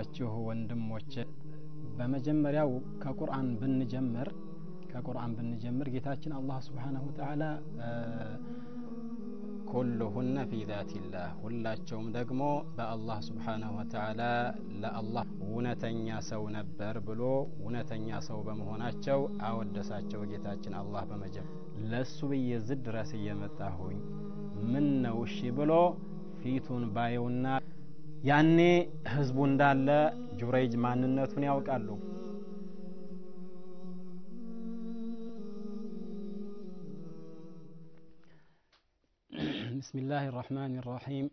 የተባረካችሁ ወንድሞች በመጀመሪያው ከቁርአን ብንጀምር ከቁርአን ብንጀምር ጌታችን አላህ ስብሓንሁ ተዓላ ኩሉሁነ ፊ ዛቲላህ ሁላቸውም ደግሞ በአላህ ስብሓንሁ ወተዓላ ለአላህ እውነተኛ ሰው ነበር ብሎ እውነተኛ ሰው በመሆናቸው አወደሳቸው ጌታችን አላህ በመጀመር ለእሱ ብዬ ዝድ ድረስ እየመጣሁኝ ምን ነው እሺ ብሎ ፊቱን ባየውና ያኔ ህዝቡ እንዳለ ጁረይጅ ማንነቱን ያውቃሉ بسم الله الرحمن الرحيم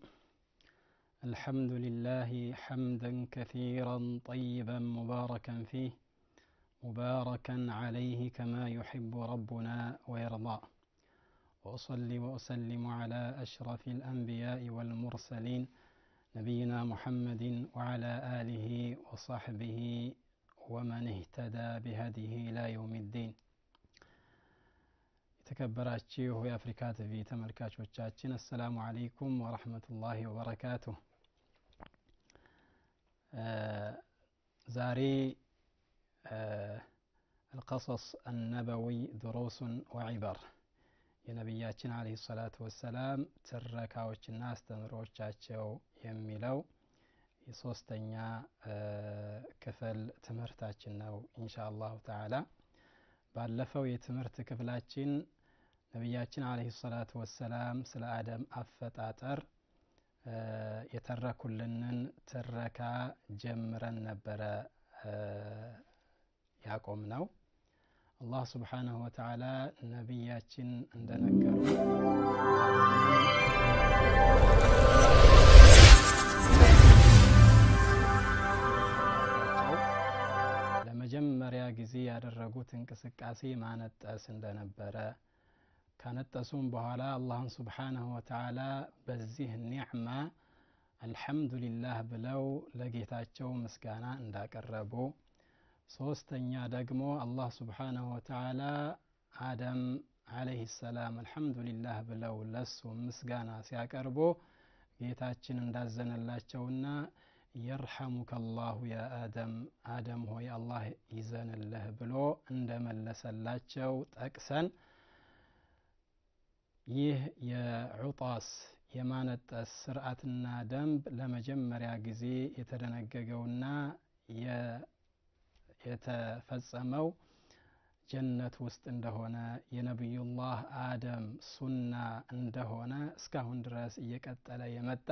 الحمد لله حمدا كثيرا طيبا مباركا فيه مباركا عليه كما يحب ربنا ويرضى واصلي واسلم على اشرف الانبياء والمرسلين نبينا محمد وعلى آله وصحبه ومن اهتدى بهديه إلى يوم الدين تكبرات شيوه يا أفريكات في تملكات وشاتشين السلام عليكم ورحمة الله وبركاته زاري القصص النبوي دروس وعبر የነቢያችን አለህ ሰላቱ ወሰላም ትረካዎችና አስተምሮቻቸው የሚለው የሶስተኛ ክፍል ትምህርታችን ነው እንሻ አላሁ ተዓላ ባለፈው የትምህርት ክፍላችን ነቢያችን አለህ ሰላቱ ወሰላም ስለ አደም አፈጣጠር የተረኩልንን ትረካ ጀምረን ነበረ ያቆም ነው الله سبحانه وتعالى نبيات عندنا لما جمع ريا جزية الرجوت انكسك عسي ما نتأس عندنا برا كانت تسوم بهلا الله سبحانه وتعالى بزيه النعمة الحمد لله بلو لقيتاتشو مسكانا عندك الربو ሶስተኛ ደግሞ አላህ ስብሓንሁ ወተዓላ አደም አለይህ ሰላም አልሐምዱሊላህ ብለው ለሱ ምስጋና ሲያቀርቡ ጌታችን እንዳዘነላቸውና የርሐሙከ አላሁ ያ አደም አደም ሆይ አላህ ይዘንልህ ብሎ እንደመለሰላቸው ጠቅሰን ይህ የዑጣስ የማነጠስ ስርዓትና ደንብ ለመጀመሪያ ጊዜ የተደነገገውና የተፈጸመው ጀነት ውስጥ እንደሆነ የነቢዩላህ አደም ሱና እንደሆነ እስካሁን ድረስ እየቀጠለ የመጣ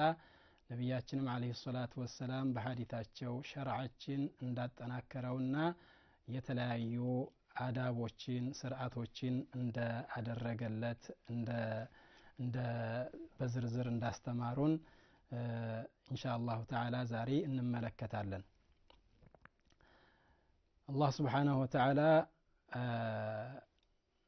ነቢያችንም አለ ሰላት ወሰላም በሀዲታቸው ሸርዓችን እንዳጠናከረውና የተለያዩ አዳቦችን ስርዓቶችን አደረገለት እንደ በዝርዝር እንዳስተማሩን እንሻ አላሁ ተዓላ ዛሬ እንመለከታለን። الله سبحانه وتعالى آه،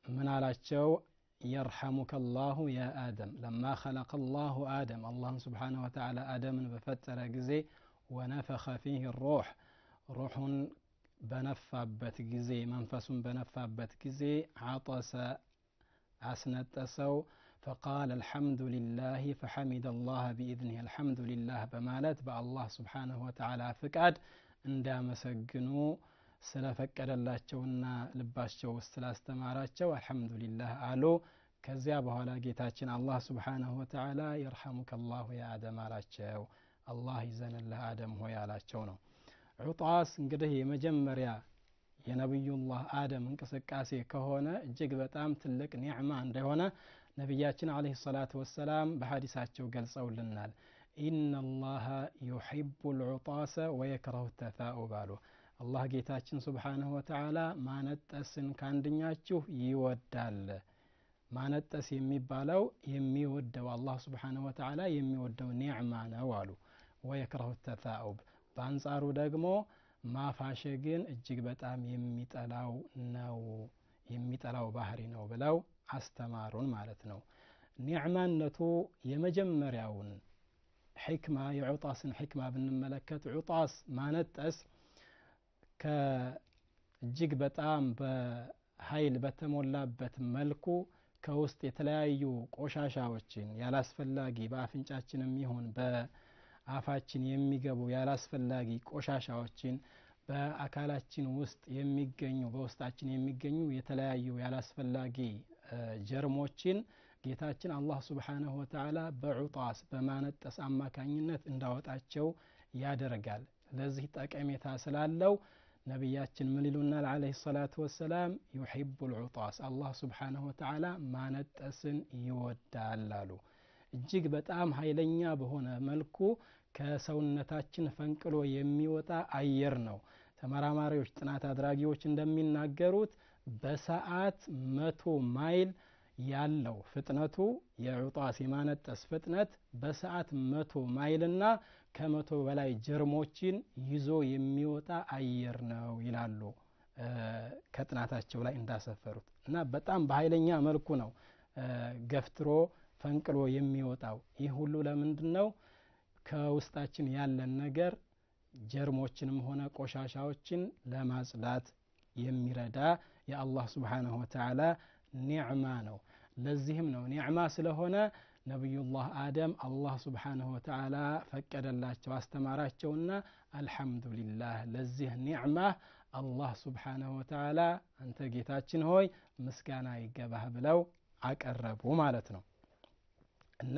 من على الشو يرحمك الله يا آدم لما خلق الله آدم الله سبحانه وتعالى آدم بفتر جزي ونفخ فيه الروح روح بنفابت جزي منفس بنفابت جزي عطس عسنت أسو فقال الحمد لله فحمد الله بإذنه الحمد لله بمالت بأ الله سبحانه وتعالى فكاد عند سجنو ስለፈቀደላቸውና ልባቸው ውስጥ ስላስተማራቸው አልሐምዱሊላህ አሉ ከዚያ በኋላ ጌታችን አላህ ስብሓናሁ ወተላ የርሐሙከ ላሁ የአደም አላቸው አላህ ይዘንልህ አደም ሆይ አላቸው ነው ዑጣስ እንግዲህ የመጀመሪያ የነቢዩላህ አደም እንቅስቃሴ ከሆነ እጅግ በጣም ትልቅ ኒዕማ እንደሆነ ነቢያችን አለህ ሰላት ወሰላም በሐዲሳቸው ገልጸውልናል ኢነ ላሀ ዩሕቡ ልዑጣሰ ወየክረሁ ተታኡብ አሉ አላህ ጌታችን ስብሓንሁ ወተዓላ ማነጠስን ካንድኛችሁ ይወዳል ማነጠስ የሚባለው የሚወደው አላህ ስብሓንሁ ወተዓላ የሚወደው ኒዕማ ነው አሉ ወየክረሁ ተታኡብ በአንጻሩ ደግሞ ማፋሸግን እጅግ በጣም የሚጠላው ነው የሚጠላው ባህሪ ነው ብለው አስተማሩን ማለት ነው ኒዕማነቱ የመጀመሪያውን ሕክማ የዑጣስን ሕክማ ብንመለከት ዑጣስ ማነጠስ ከእጅግ በጣም በኃይል በተሞላበት መልኩ ከውስጥ የተለያዩ ቆሻሻዎችን ያላስፈላጊ በአፍንጫችንም ይሁን በአፋችን የሚገቡ ያላስፈላጊ ቆሻሻዎችን በአካላችን ውስጥ የሚገኙ በውስጣችን የሚገኙ የተለያዩ ያላስፈላጊ ጀርሞችን ጌታችን አላህ ሱብሓነሁ ወተዓላ በዑጣስ በማነጠስ አማካኝነት እንዳወጣቸው ያደርጋል። ለዚህ ጠቀሜታ ስላለው ነቢያችን ምን ይሉናል አለህ ሰላቱ ወሰላም ዩሒቡ ልዑጣስ አላህ ስብሓንሁ ወተዓላ ማነጠስን ይወዳል አሉ እጅግ በጣም ኃይለኛ በሆነ መልኩ ከሰውነታችን ፈንቅሎ የሚወጣ አየር ነው ተመራማሪዎች ጥናት አድራጊዎች እንደሚናገሩት በሰዓት መቶ ማይል ያለው ፍጥነቱ የዑጣስ የማነጠስ ፍጥነት በሰዓት መቶ ማይልና ከመቶ በላይ ጀርሞችን ይዞ የሚወጣ አየር ነው ይላሉ ከጥናታቸው ላይ እንዳሰፈሩት እና በጣም በኃይለኛ መልኩ ነው ገፍትሮ ፈንቅሎ የሚወጣው ይህ ሁሉ ለምንድን ነው ከውስጣችን ያለን ነገር ጀርሞችንም ሆነ ቆሻሻዎችን ለማጽዳት የሚረዳ የአላህ ስብሓንሁ ወተላ ኒዕማ ነው ለዚህም ነው ኒዕማ ስለሆነ ነቢዩላህ አደም አላህ ስብሓንሁ ወተዓላ ፈቀደላቸው አስተማራቸውና አልሐምዱሊላህ ለዚህ ኒዕማ አላህ ስብሓንሁ ወተዓላ አንተ ጌታችን ሆይ ምስጋና ይገባህ ብለው አቀረቡ ማለት ነው እና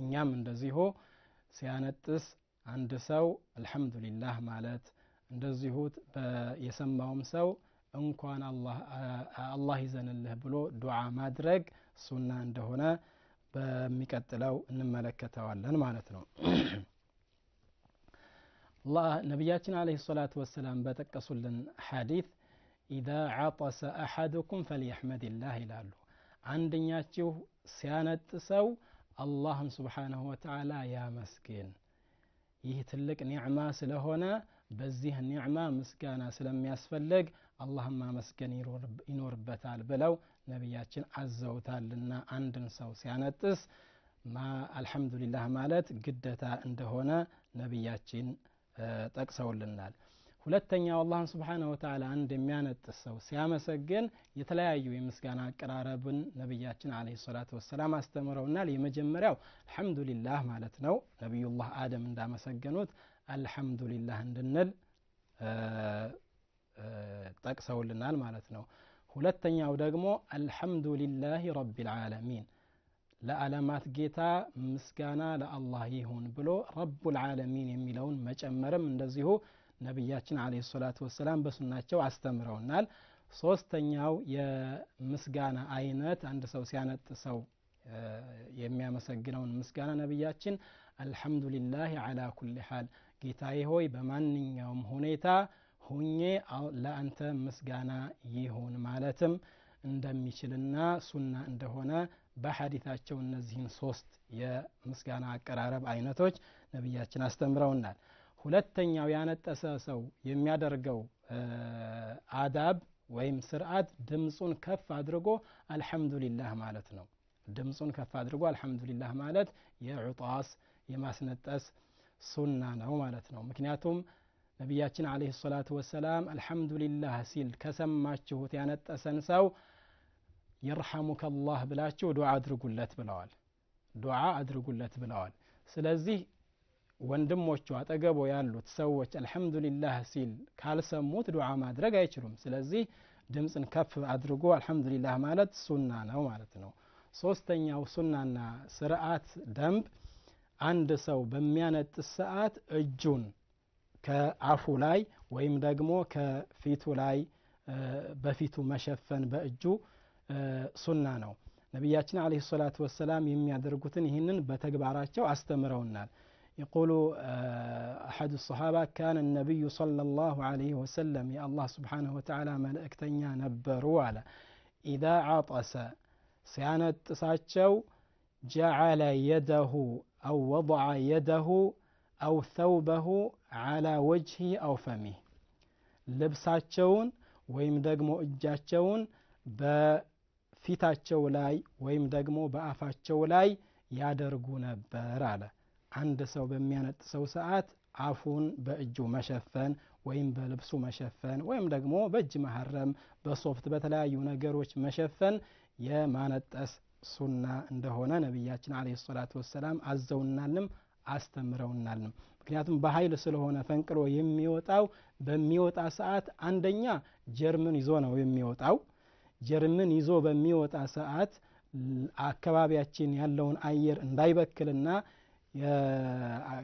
እኛም እንደዚሁ ሲያነጥስ አንድ ሰው አልሐምዱሊላህ ማለት እንደዚሁ የሰማውም ሰው እንኳን አላህ ይዘንልህ ብሎ ዱዓ ማድረግ ሱና እንደሆነ በሚቀጥለው እንመለከተዋለን ማለት ነው الله نبياتنا عليه الصلاة والسلام بتقص حديث إذا عطس أحدكم فليحمد الله لالو አንደኛችሁ ሲያነጥሰው አላህን ስብሓንሁ ወተዓላ ያመስግን ይህ ትልቅ ኒዕማ ስለሆነ በዚህ ኒዕማ ምስጋና ስለሚያስፈልግ አላህን ማመስገን ይኖርበታል ብለው ነቢያችን አዘውታልና አንድን ሰው ሲያነጥስ አልሐምዱሊላህ ማለት ግደታ እንደሆነ ነቢያችን ጠቅሰውልናል ሁለተኛው አላህን ስብሓነ ወተላ አንድ የሚያነጥስ ሰው ሲያመሰግን የተለያዩ የምስጋና አቀራረብን ነቢያችን አለ ሰላቱ ወሰላም አስተምረውናል የመጀመሪያው አልሐምዱሊላህ ማለት ነው ነቢዩላህ አደም እንዳመሰገኑት አልሐምዱሊላህ እንድንል ጠቅሰውልናል ማለት ነው። ሁለተኛው ደግሞ አልሐምዱሊላህ ረቢል ዓለሚን ለዓለማት ጌታ ምስጋና ለአላህ ይሁን ብሎ ረቡል ዓለሚን የሚለውን መጨመርም እንደዚሁ ነቢያችን ዓለይሂ ሰላት ወሰላም በሱናቸው አስተምረውናል። ሶስተኛው የምስጋና አይነት አንድ ሰው ሲያነጥ ሰው የሚያመሰግነውን ምስጋና ነቢያችን አልሐምዱሊላህ ዓላ ኩል ሓል ጌታዬ ሆይ በማንኛውም ሁኔታ ሁኜ ለአንተ ምስጋና ይሁን ማለትም እንደሚችልና ሱና እንደሆነ በሐዲታቸው እነዚህን ሶስት የምስጋና አቀራረብ አይነቶች ነቢያችን አስተምረውናል። ሁለተኛው ያነጠሰ ሰው የሚያደርገው አዳብ ወይም ስርዓት ድምፁን ከፍ አድርጎ አልሐምዱሊላህ ማለት ነው። ድምፁን ከፍ አድርጎ አልሐምዱሊላህ ማለት የዑጣስ የማስነጠስ ሱና ነው ማለት ነው ምክንያቱም ነቢያችን አለህ ሰላቱ ወሰላም አልሐምዱሊላህ ሲል ከሰማችሁት ያነጠሰን ሰው የርሐሙከላህ ብላችሁ ዱዓ አድርጉለት ብለዋል ዱዓ አድርጉለት ብለዋል ስለዚህ ወንድሞቹ አጠገቦ ያሉት ሰዎች አልሐምዱሊላህ ሲል ካልሰሙት ዱዓ ማድረግ አይችሉም ስለዚህ ድምፅን ከፍ አድርጎ አልሐምዱሊላህ ማለት ሱና ነው ማለት ነው ሶስተኛው ሱናና ስርዓት ደንብ عند سو بميانة الساعات الجون كعفو لاي ويمدقمو كفيتو لاي بفيتو مشفن بأجو سنانو نبياتنا عليه الصلاة والسلام يمي أدرقوتن هنن بتقباراتشو أستمرونا يقول أحد الصحابة كان النبي صلى الله عليه وسلم يا الله سبحانه وتعالى ملأك تنيا نبرو على إذا عطس صيانة تساتشو جعل يده أو وضع يده أو ثوبه على وجهه أو فمه ልብሳቸውን ወይም ደግሞ እጃቸውን በፊታቸው ላይ ወይም ደግሞ በአፋቸው ላይ ያደርጉ ነበር አለ አንድ ሰው በሚያነጥሰው ሰዓት አፉን በእጁ መሸፈን ወይም በልብሱ መሸፈን ወይም ደግሞ በእጅ መሐረም በሶፍት በተለያዩ ነገሮች መሸፈን የማነጠስ ሱና እንደሆነ ነቢያችን አለ ሰላቱ ወሰላም አዘውናልም አስተምረውናልም ምክንያቱም በሀይል ስለሆነ ፈንቅሎ የሚወጣው በሚወጣ ሰዓት አንደኛ ጀርምን ይዞ ነው የሚወጣው ጀርምን ይዞ በሚወጣ ሰዓት አካባቢያችን ያለውን አየር እንዳይበክልና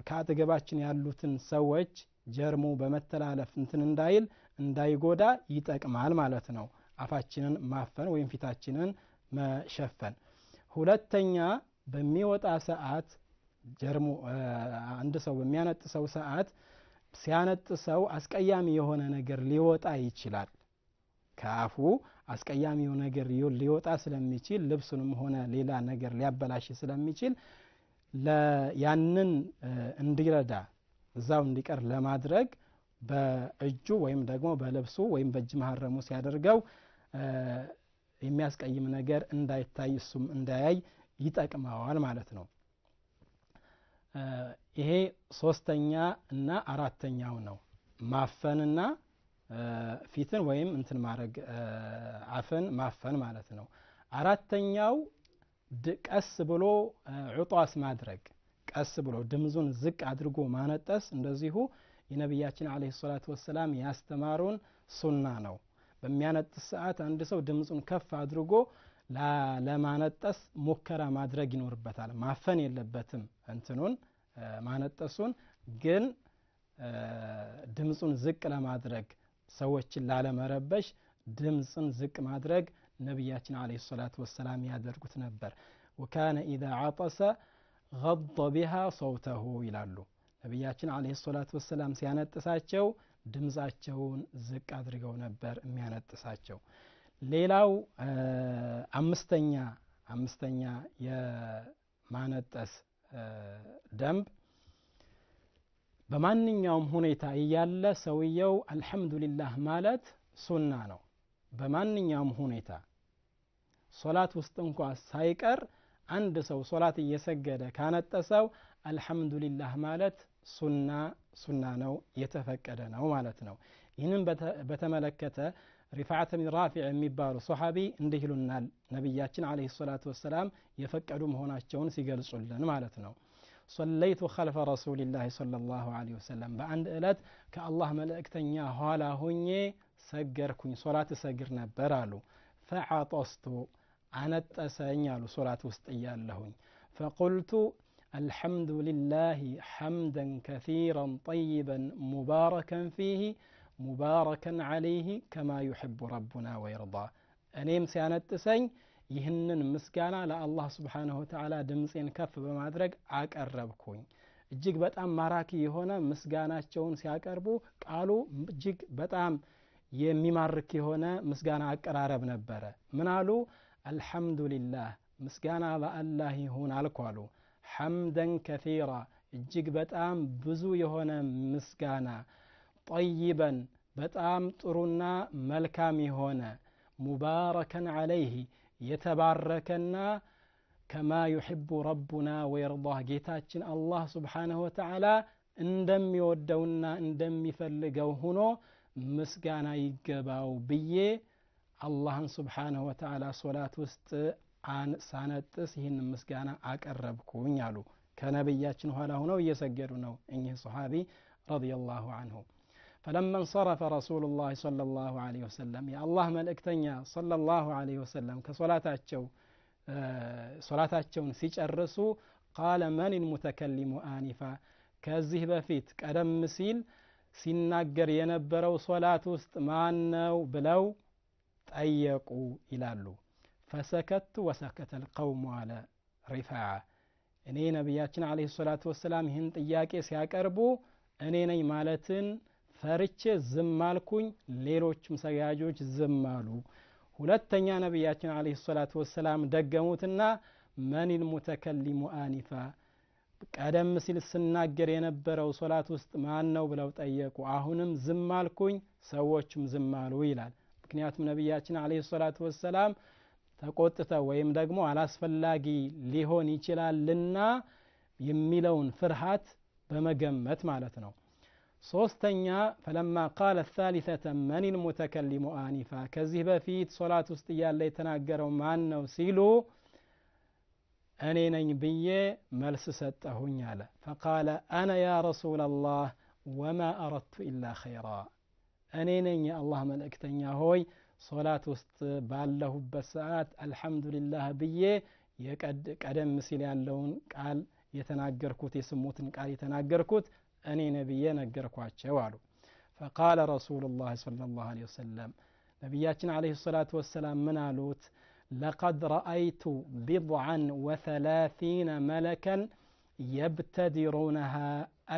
ከአጠገባችን ያሉትን ሰዎች ጀርሙ በመተላለፍ እንትን እንዳይል እንዳይጎዳ ይጠቅማል ማለት ነው አፋችንን ማፈን ወይም ፊታችንን መሸፈን ሁለተኛ በሚወጣ ሰዓት ጀርሞ አንድ ሰው በሚያነጥሰው ሰዓት ሲያነጥሰው አስቀያሚ የሆነ ነገር ሊወጣ ይችላል። ከአፉ አስቀያሚው ነገር ሊወጣ ስለሚችል ልብሱንም ሆነ ሌላ ነገር ሊያበላሽ ስለሚችል ያንን እንዲረዳ እዛው እንዲቀር ለማድረግ በእጁ ወይም ደግሞ በልብሱ ወይም በእጅ መሀረሙ ሲያደርገው የሚያስቀይም ነገር እንዳይታይ እሱም እንዳያይ ይጠቅመዋል ማለት ነው ይሄ ሶስተኛ እና አራተኛው ነው ማፈንና ፊትን ወይም እንትን ማድረግ አፍን ማፈን ማለት ነው አራተኛው ቀስ ብሎ ዑጧስ ማድረግ ቀስ ብሎ ድምዙን ዝቅ አድርጎ ማነጠስ እንደዚሁ የነቢያችን አለ ሰላት ወሰላም ያስተማሩን ሱና ነው በሚያነጥስ ሰዓት አንድ ሰው ድምፁን ከፍ አድርጎ ለማነጠስ ሙከራ ማድረግ ይኖርበታል። ማፈን የለበትም እንትኑን ማነጠሱን ግን ድምፁን ዝቅ ለማድረግ ሰዎችን ላለመረበሽ ድምፅን ዝቅ ማድረግ ነቢያችን አለ ሰላት ወሰላም ያደርጉት ነበር። ወካነ ኢዛ አጠሰ ገደ ቢሃ ሰውተሁ ይላሉ ነቢያችን አለይሂ ሰላቱ ወሰላም ሲያነጥሳቸው ድምፃቸውን ዝቅ አድርገው ነበር የሚያነጥሳቸው። ሌላው አምስተኛ አምስተኛ የማነጠስ ደንብ በማንኛውም ሁኔታ እያለ ሰውየው አልሐምዱሊላህ ማለት ሱና ነው። በማንኛውም ሁኔታ ሶላት ውስጥ እንኳ ሳይቀር عند سو صلاة يسجد كانت تسو الحمد لله مالت سنة سنة نو يتفكر نو مالت نو ينم بتملكت رفعة من رافع مبار صحابي عنده النال نبياتنا عليه الصلاة والسلام يفكر هنا جون سيقل صلنا مالت نو صليت خلف رسول الله صلى الله عليه وسلم بعند ألت كالله ملأكتن يا هالا سجر كن صلاة سجر نبرالو فعطستو አነጠሰኝ አሉ ሶላት ውስጥ እያለሁኝ فقلت الحمد لله حمدا كثيرا طيبا مباركا فيه مباركا عليه كما يحب ربنا ويرضى እኔም ሲያነጥሰኝ ይህንን ምስጋና ለአላህ ስብሓንሁ ተዓላ ድምፄን ከፍ በማድረግ አቀረብኩኝ እጅግ በጣም ማራኪ የሆነ ምስጋናቸውን ሲያቀርቡ ቃሉ እጅግ በጣም የሚማርክ የሆነ ምስጋና አቀራረብ ነበረ ምናሉ الحمد لله مسكانا الله هون الكوالو حمدا كثيرا جيك بتام بزو يهون مسكانا طيبا بتام ترنا ملكامي ميهون مباركا عليه يتباركنا كما يحب ربنا ويرضاه جيتاتشن الله سبحانه وتعالى اندم يودونا اندم يفلقوا هنا مسكانا يقباو بيه اللهن سبحانه وتعالى صلاة وست عن سنة تسهين مسجانا أقرب يعلو كان بياتشن هلا هنا ويسجرونه إنه صحابي رضي الله عنه فلما انصرف رسول الله صلى الله عليه وسلم يا الله ملك تنيا صلى الله عليه وسلم كصلاة أتشو صلاة أتشو نسيج الرسول قال من المتكلم آنفا كزه بفيت كأدم مسيل سنقر ينبرو صلاة وست معنا بلو ጠየቁ ይላሉ ፈሰከቱ ወሰከተ ልቀውሙ አለ ሪፋዓ እኔ ነቢያችን አለህ ሰላቱ ወሰላም ይህን ጥያቄ ሲያቀርቡ እኔ ነኝ ማለትን ፈርቼ ዝም አልኩኝ ሌሎችም ሰጋጆች ዝም አሉ ሁለተኛ ነቢያችን አለህ ሰላቱ ወሰላም ደገሙትና መን ልሙተከሊሙ አኒፋ ቀደም ሲል ስናገር የነበረው ሶላት ውስጥ ማን ነው ብለው ጠየቁ አሁንም ዝም አልኩኝ ሰዎችም ዝም አሉ ይላል ምክንያቱም ነቢያችን አለህ ሰላቱ ወሰላም ተቆጥተ ወይም ደግሞ አላስፈላጊ ሊሆን ይችላልና የሚለውን ፍርሃት በመገመት ማለት ነው ሶስተኛ ፈለማ ቃለ ታሊተተ መን ልሙተከሊሙ አኒፋ ከዚህ በፊት ሶላት ውስጥ እያለ የተናገረው ማን ነው ሲሉ እኔ ነኝ ብዬ መልስ ሰጠሁኝ አለ ፈቃለ አነ ያ ረሱላ ላህ ወማ አረድቱ ኢላ ኸይራ እኔ ነኝ የአላህ መልእክተኛ ሆይ ሶላት ውስጥ ባለሁበት ሰዓት አልሐምዱሊላህ ብዬ ቀደም ሲል ያለውን ቃል የተናገርኩት የስሙትን ቃል የተናገርኩት እኔ ነብዬ ነገርኳቸው አሉ ፈቃለ ረሱሉ ላህ ለ ላሁ ለ ወሰለም ነቢያችን አለህ ሰላቱ ወሰላም ምን አሉት ለቀድ ረአይቱ ቢضዓን ወተላቲነ መለከን يبتدرونها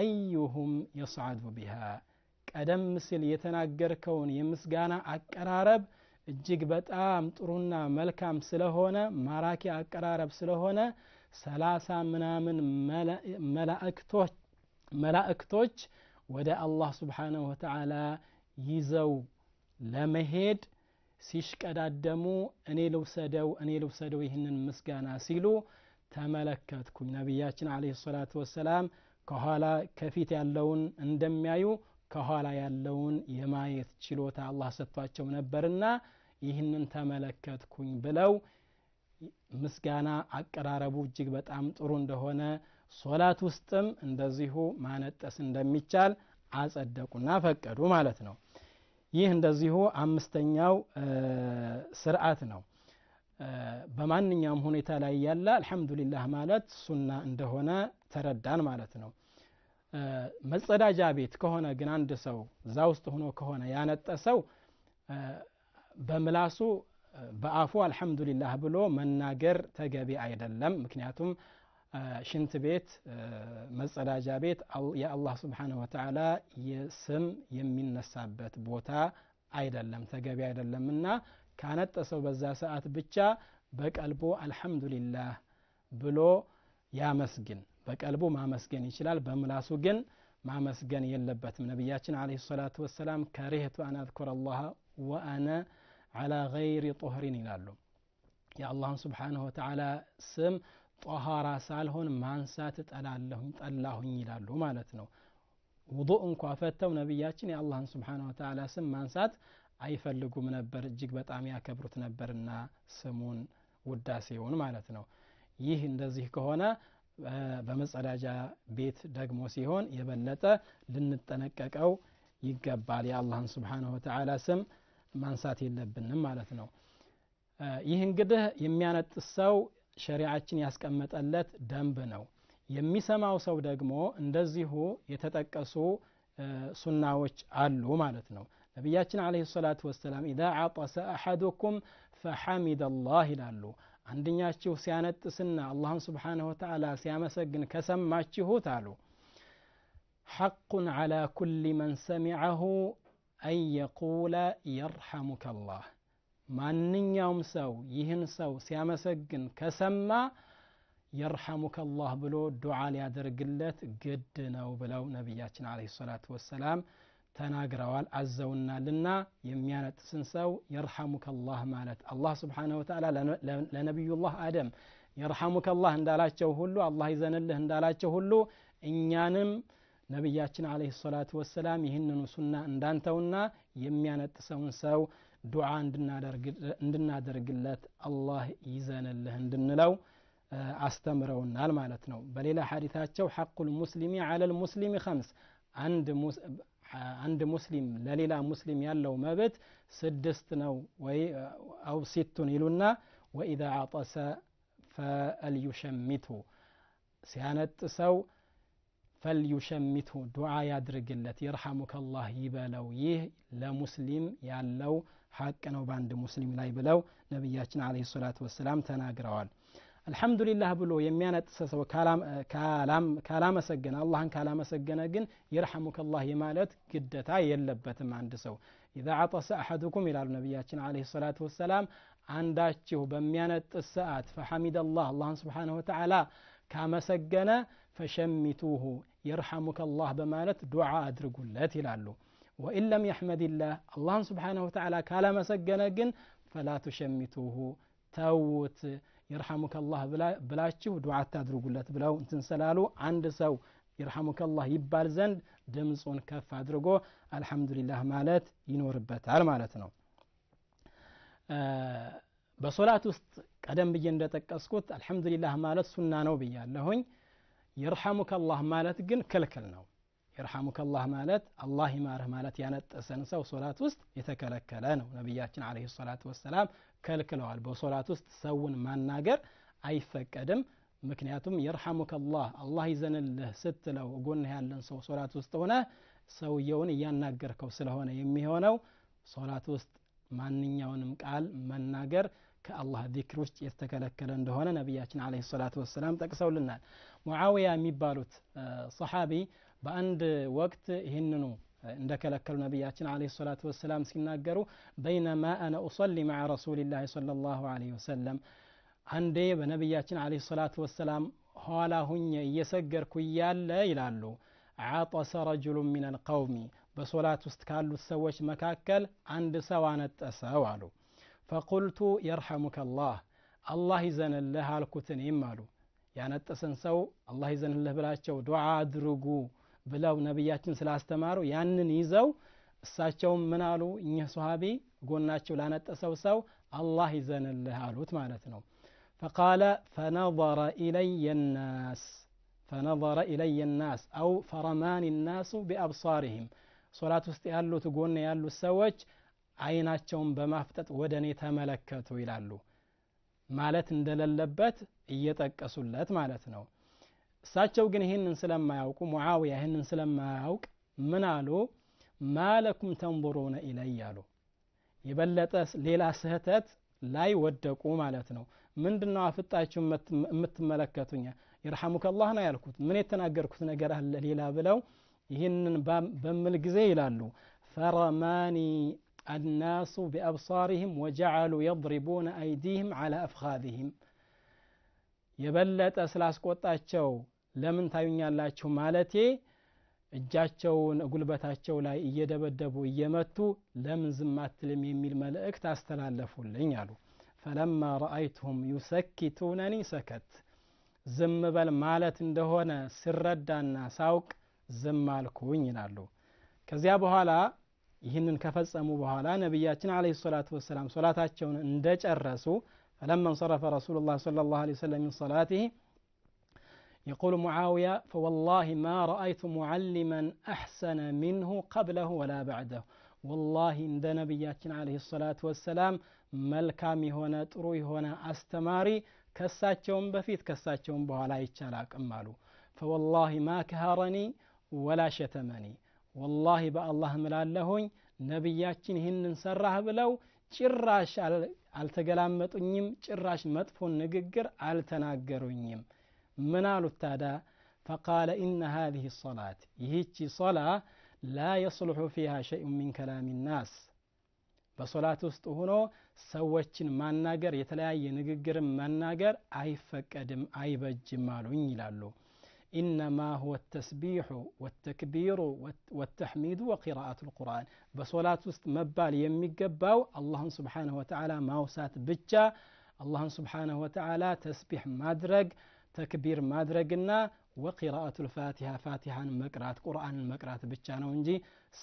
أيهم يصعد بها ቀደም ሲል የተናገርከውን የምስጋና አቀራረብ እጅግ በጣም ጥሩና መልካም ስለሆነ ማራኪ አቀራረብ ስለሆነ ሰላሳ ምናምን መላእክቶች ወደ አላህ ስብሓንሁ ወተላ ይዘው ለመሄድ ሲሽቀዳደሙ እኔ ልውሰደው እኔ ልውሰደው ይህንን ምስጋና ሲሉ ተመለከትኩኝ ነቢያችን አለህ ሰላቱ ወሰላም ከኋላ ከፊት ያለውን እንደሚያዩ ከኋላ ያለውን የማየት ችሎታ አላህ ሰጥቷቸው ነበርና ይህንን ተመለከትኩኝ ብለው ምስጋና አቀራረቡ እጅግ በጣም ጥሩ እንደሆነ ሶላት ውስጥም እንደዚሁ ማነጠስ እንደሚቻል አጸደቁና ፈቀዱ ማለት ነው። ይህ እንደዚሁ አምስተኛው ስርዓት ነው። በማንኛውም ሁኔታ ላይ ያለ አልሐምዱሊላህ ማለት ሱና እንደሆነ ተረዳን ማለት ነው። መጸዳጃ ቤት ከሆነ ግን አንድ ሰው እዛ ውስጥ ሆኖ ከሆነ ያነጠሰው በምላሱ በአፉ አልሐምዱሊላህ ብሎ መናገር ተገቢ አይደለም። ምክንያቱም ሽንት ቤት መጸዳጃ ቤት የአላህ ስብሓነሁ ወተላ የስም የሚነሳበት ቦታ አይደለም፣ ተገቢ አይደለምና ካነጠሰው በዛ ሰዓት ብቻ በቀልቡ አልሐምዱሊላህ ብሎ ያመስግን። بكالبو ما مسجن يشلال بملاسو جن ما مسجن يلبت من نبياتنا عليه الصلاة والسلام كرهت أن أذكر الله وأنا على غير طهر لالو يا الله سبحانه وتعالى سم طهارا سالهن ما انسات تألا لهم تألا هن إلى اللوم مالتنو وضوء كوافته ونبياتنا يا الله سبحانه وتعالى سم ما انسات أي فلقوا من البر جيبت أميا كبرت نبرنا سمون وداسيون مالتنو يهن دزيه كهونا በመጸዳጃ ቤት ደግሞ ሲሆን የበለጠ ልንጠነቀቀው ይገባል የአላህን ስብሓንሁ ወተላ ስም ማንሳት የለብንም ማለት ነው ይህ እንግዲህ የሚያነጥስ ሰው ሸሪዓችን ያስቀመጠለት ደንብ ነው የሚሰማው ሰው ደግሞ እንደዚሁ የተጠቀሱ ሱናዎች አሉ ማለት ነው ነቢያችን አለ ሰላቱ ወሰላም ኢዛ አጠሰ አሐዱኩም ፈሐሚድ ላህ ይላሉ አንድኛችሁ ሲያነጥስና አላህን ስብሓንሁ ወተዓላ ሲያመሰግን ከሰማችሁት አሉ ሐቁን ዓላ ኩል መን ሰሚዐሁ አን የቁለ የርሐሙከ ላህ ማንኛውም ሰው ይህን ሰው ሲያመሰግን ከሰማ የርሐሙከ ላህ ብሎ ዱዓ ሊያደርግለት ግድ ነው ብለው ነቢያችን አለ ሰላቱ ወሰላም ተናግረዋል አዘውናልና የሚያነጥስን ሰው የርሐሙከላህ ማለት አላህ ስብሓነ ወተዓላ ለነቢዩላህ አደም የርሐሙከላህ እንዳላቸው ሁሉ አላህ ይዘንልህ እንዳላቸው ሁሉ እኛንም ነቢያችን አለህ ሰላቱ ወሰላም ይህንኑ ሱና እንዳንተውና የሚያነጥሰውን ሰው ዱዓ እንድናደርግለት አላህ ይዘንልህ እንድንለው አስተምረውናል ማለት ነው በሌላ ሐዲታቸው ሐቁ ልሙስሊሚ አለ ልሙስሊሚ ከምስ አንድ عند مسلم لليلة مسلم يالو مبت سدستنا أو ستون إلونا وإذا عطس فليشمته سيانة سو فليشمته دعاء يدرق التي يرحمك الله يبالو يه مسلم يالو حق نوب مسلم لا يبلو نبياتنا عليه الصلاة والسلام تناقروا الحمد لله بلو يميانا تساسو كلام كلام كلام سجن الله ان كلام سجن جن يرحمك الله يمالت قد تاي يلبت ماندسو اذا عطس احدكم الى النبي عليه الصلاه والسلام عنداچو بميانا تساعات فحمد الله الله سبحانه وتعالى كام سجن فشمتوه يرحمك الله بمالت دعاء لا تلالو وان لم يحمد الله الله سبحانه وتعالى كلام سجن جن فلا تشمتوه توت የርሐሙከላህ ብላችሁ ዱዓ አታድርጉለት ብለው እንትን ስላሉ አንድ ሰው የርሐሙከላህ ይባል ዘንድ ድምፁን ከፍ አድርጎ አልሐምዱሊላህ ማለት ይኖርበታል ማለት ነው በሶላት ውስጥ ቀደም ብዬ እንደጠቀስኩት አልሐምዱሊላህ ማለት ሱና ነው ብያለሁኝ የርሐሙከላህ ማለት ግን ክልክል ነው يرحمك الله مالت الله يماره مالت يعني تسنسا وصلاة وست يتكلك كلان ونبياتنا عليه الصلاة والسلام كالكلو على بصلاة وست سون ما ناقر أي فكادم مكنياتم يرحمك الله الله يزن الله ست لو قلنا هالنسا وصلاة وست هنا سويون ينقر كوسل هنا يمي هنا صلاة وست ما نيون مقال ما ناقر كالله ذكر وست يتكلك كلان دهونا نبياتنا عليه الصلاة والسلام تكسول لنا معاوية مبالوت صحابي بأند وقت هننو عندك لكل نبياتنا عليه الصلاة والسلام سيناقروا بينما أنا أصلي مع رسول الله صلى الله عليه وسلم عندي بنبياتنا عليه الصلاة والسلام هالا هني يسجر كيال لا يلالو عطس رجل من القوم بصلاة استكالو السوش مكاكل عند سوانة أسوالو فقلت يرحمك الله الله يزن الله الكتن يمالو يعني التسنسو الله يزن الله بلاشو دعاء درقو ብለው ነቢያችን ስላስተማሩ ያንን ይዘው እሳቸውም ምን አሉ እኚህ ሶሀቢ ጎናቸው ላነጠሰው ሰው አላህ ይዘንልህ አሉት ማለት ነው فقال فنظر إلي الناس فنظر إلي الناس أو فرماني الناس بأبصارهم ሶላት ውስጥ ያሉት ጎን ያሉት ሰዎች አይናቸውን በማፍጠጥ ወደ እኔ ተመለከቱ ይላሉ ማለት እንደሌለበት እየጠቀሱለት ማለት ነው እሳቸው ግን ይህንን ስለማያውቁ ሙዓውያ ይህንን ስለማያውቅ ምን አሉ ማለኩም ተንظሩነ ኢለይ አሉ የበለጠ ሌላ ስህተት ላይ ወደቁ ማለት ነው ምንድነው አፍጣችሁ የምትመለከቱኛ የርሐሙከ አላህ ነው ያልኩት ምን የተናገርኩት ነገር አለ ሌላ ብለው ይህንን በምል ጊዜ ይላሉ ፈረማኒ አናሱ ቢአብሳሪህም ወጀዓሉ يضربون አይዲህም على أفخاذهم የበለጠ ስላስቆጣቸው ለምን ታዩኛላችሁ ማለቴ እጃቸውን ጉልበታቸው ላይ እየደበደቡ እየመቱ ለምን ዝማትልም የሚል መልእክት አስተላለፉልኝ አሉ። ፈለማ ረአይቱሁም ዩሰኪቱነኒ ሰከት ዝም በል ማለት እንደሆነ ስረዳና ሳውቅ ዝም አልኩኝ ይላሉ። ከዚያ በኋላ ይህንን ከፈጸሙ በኋላ ነቢያችን አለይሂ ሰላቱ ወሰላም ሶላታቸውን እንደጨረሱ ፈለማ እንሰረፈ ረሱሉላህ ሰለላሁ ዐለይሂ ወሰለም ሚን ሶላቲሂ يقول معاوية فوالله ما رأيت معلما أحسن منه قبله ولا بعده والله عند نبياتنا عليه الصلاة والسلام ملكامي هنا تروي هنا أستماري كساتشون بفيت كساتشون بها لا يتشالاك أمالو فوالله ما كهرني ولا شتمني والله بأ الله ملال لهن نبياتنا هن سرها بلو ጭራሽ አልተገላመጡኝም ጭራሽ መጥፎን ንግግር አልተናገሩኝም منال التادا فقال إن هذه الصلاة هي صلاة لا يصلح فيها شيء من كلام الناس بصلاة استهنو سوتش ماناجر يتلاي ينجر ماناجر أي أدم أي بجمال ينجلالو إنما هو التسبيح والتكبير والتحميد وقراءة القرآن بصلاة است مبال يمي الله سبحانه وتعالى ما وسات بجا الله سبحانه وتعالى تسبيح مدرج ተክቢር ማድረግና ወቂራአቱ ልፋቲሃ ፋቲሃን መቅራት ቁርአንን መቅራት ብቻ ነው እንጂ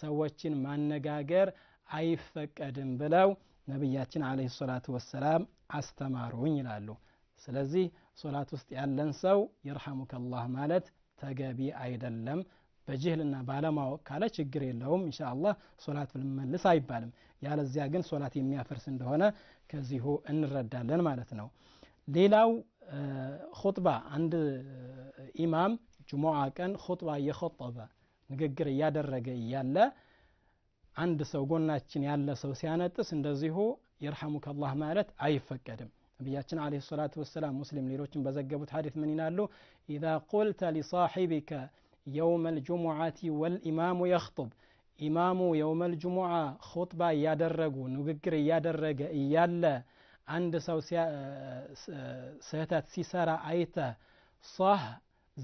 ሰዎችን ማነጋገር አይፈቀድም ብለው ነቢያችን አለህ ሰላቱ ወሰላም አስተማሩኝ ይላሉ ስለዚህ ሶላት ውስጥ ያለን ሰው የርሐሙከላህ ማለት ተገቢ አይደለም በጅህልና ባለማወቅ ካለ ችግር የለውም እንሻ አላህ ሶላት ልመልስ አይባልም ያለዚያ ግን ሶላት የሚያፈርስ እንደሆነ ከዚሁ እንረዳለን ማለት ነው ሌላው ኹጥባ አንድ ኢማም ጅሙዓ ቀን ኹጥባ እየኸጠበ ንግግር እያደረገ እያለ አንድ ሰው ጎናችን ያለ ሰው ሲያነጥስ እንደዚሁ የርሐሙከ ላህ ማለት አይፈቀድም ነቢያችን አለ ሰላት ወሰላም ሙስሊም ሌሎችን በዘገቡት ሀዲት ምን ይላሉ ኢዛ ቁልተ ሊሳሒቢከ የውመ ልጅሙዓቲ ወልኢማሙ የኽጡብ ኢማሙ የውመ ልጅሙዓ ኹጥባ እያደረጉ ንግግር እያደረገ እያለ አንድ ሰው ስህተት ሲሰራ አይተ ሶህ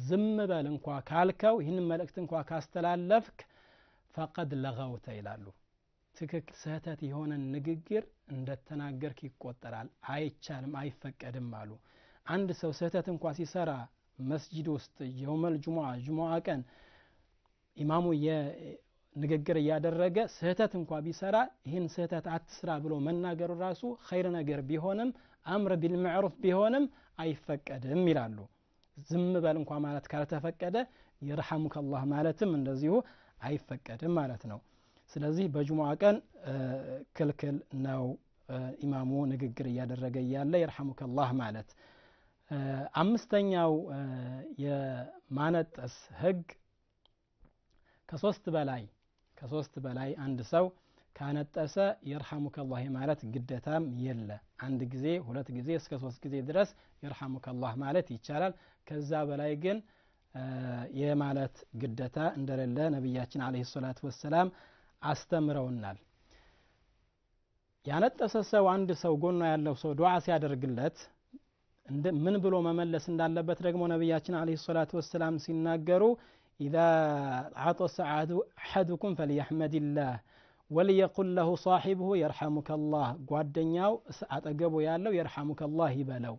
ዝም በል እንኳ ካልከው ይህንን መልእክት እንኳ ካስተላለፍክ ፈቀድ ለገውተ ይላሉ ትክክል ስህተት የሆነን ንግግር እንደተናገርክ ይቆጠራል አይቻልም አይፈቀድም አሉ አንድ ሰው ስህተት እንኳ ሲሰራ መስጂድ ውስጥ የውመል ጅሙዓ ጅሙዓ ቀን ኢማሙ ንግግር እያደረገ ስህተት እንኳ ቢሰራ ይህን ስህተት አትስራ ብሎ መናገሩ ራሱ ኸይር ነገር ቢሆንም አምር ቢልምዕሩፍ ቢሆንም አይፈቀድም ይላሉ ዝም በል እንኳ ማለት ካልተፈቀደ የርሐሙከ አላህ ማለትም እንደዚሁ አይፈቀድም ማለት ነው ስለዚህ በጅሙዓ ቀን ክልክል ነው ኢማሙ ንግግር እያደረገ እያለ የርሐሙከ አላህ ማለት አምስተኛው የማነጠስ ህግ ከሶስት በላይ ከሶስት በላይ አንድ ሰው ካነጠሰ የርሐሙከላህ ማለት ግደታም የለ አንድ ጊዜ ሁለት ጊዜ እስከ ሶስት ጊዜ ድረስ የርሐሙከላህ ማለት ይቻላል ከዛ በላይ ግን የማለት ግደታ እንደሌለ ነቢያችን አለ ሰላት ወሰላም አስተምረውናል ያነጠሰ ሰው አንድ ሰው ጎኗ ያለው ሰው ዱዓ ሲያደርግለት ምን ብሎ መመለስ እንዳለበት ደግሞ ነቢያችን አለ ሰላት ወሰላም ሲናገሩ إذا عطس أحدكم فليحمد الله وليقل له صاحبه يرحمك الله قوادنياو أتقبو يالو يرحمك الله بلو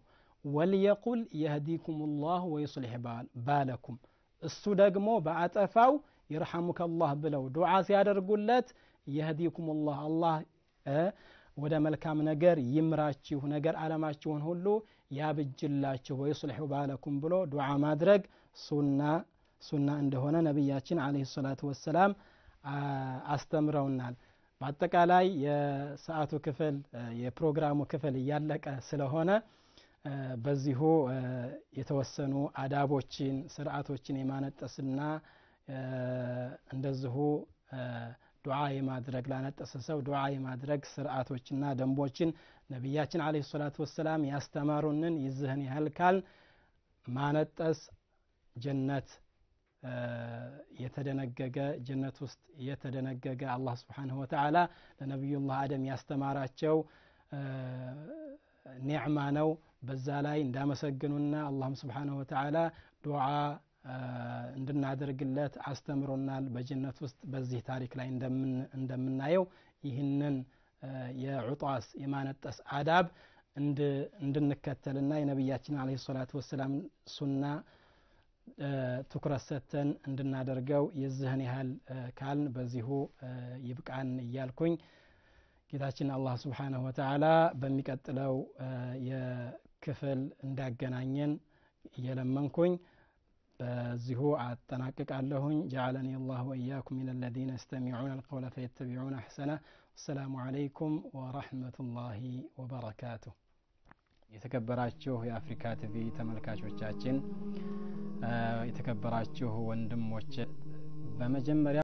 وليقل يهديكم الله ويصلح بالكم السودقمو بعتفاو يرحمك الله بلو دعاء سيادة قلت يهديكم الله الله أه ودا ملكام نجر يمراتشي ونجر على ما تشون هلو يا بجلاتشي ويصلح بالكم بلو دعاء مدرك سنه ሱና እንደሆነ ነቢያችን አለህ ሰላቱ ወሰላም አስተምረውናል በአጠቃላይ የሰዓቱ ክፍል የፕሮግራሙ ክፍል እያለቀ ስለሆነ በዚሁ የተወሰኑ አዳቦችን ስርዓቶችን የማነጠስና እንደዚሁ ዱዓ የማድረግ ላነጠሰ ሰው ዱዓ የማድረግ ስርዓቶችና ደንቦችን ነቢያችን አለ ሰላቱ ወሰላም ያስተማሩንን ይዝህን ያህል ካል ማነጠስ ጀነት የተደነገገ ጀነት ውስጥ የተደነገገ አላህ ስብሓንሁ ወተዓላ ለነቢዩላህ አደም ያስተማራቸው ኒዕማ ነው በዛ ላይ እንዳመሰግኑና አላህም ስብሓንሁ ወተዓላ ዱዓ እንድናደርግለት አስተምሮናል በጀነት ውስጥ በዚህ ታሪክ ላይ እንደምናየው ይህንን የዑጣስ የማነጠስ አዳብ እንድንከተልና የነቢያችን አለ ሰላቱ ወሰላም ሱና ትኩረት ሰጥተን እንድናደርገው የዚህን ያህል ካልን በዚሁ ይብቃን እያልኩኝ ጌታችን አላህ ስብሓንሁ ወተዓላ በሚቀጥለው የክፍል እንዳገናኘን እየለመንኩኝ በዚሁ አጠናቅቃለሁኝ ጀዓለኒ አላህ ወኢያኩም ምን አለዚነ የስተሚዑነ አልቀውለ ፈየተቢዑነ አሕሰነ ወሰላሙ ዓለይኩም ወረሕመቱላሂ ወበረካቱሁ የተከበራችሁ የአፍሪካ ቲቪ ተመልካቾቻችን፣ የተከበራችሁ ወንድሞች በመጀመሪያ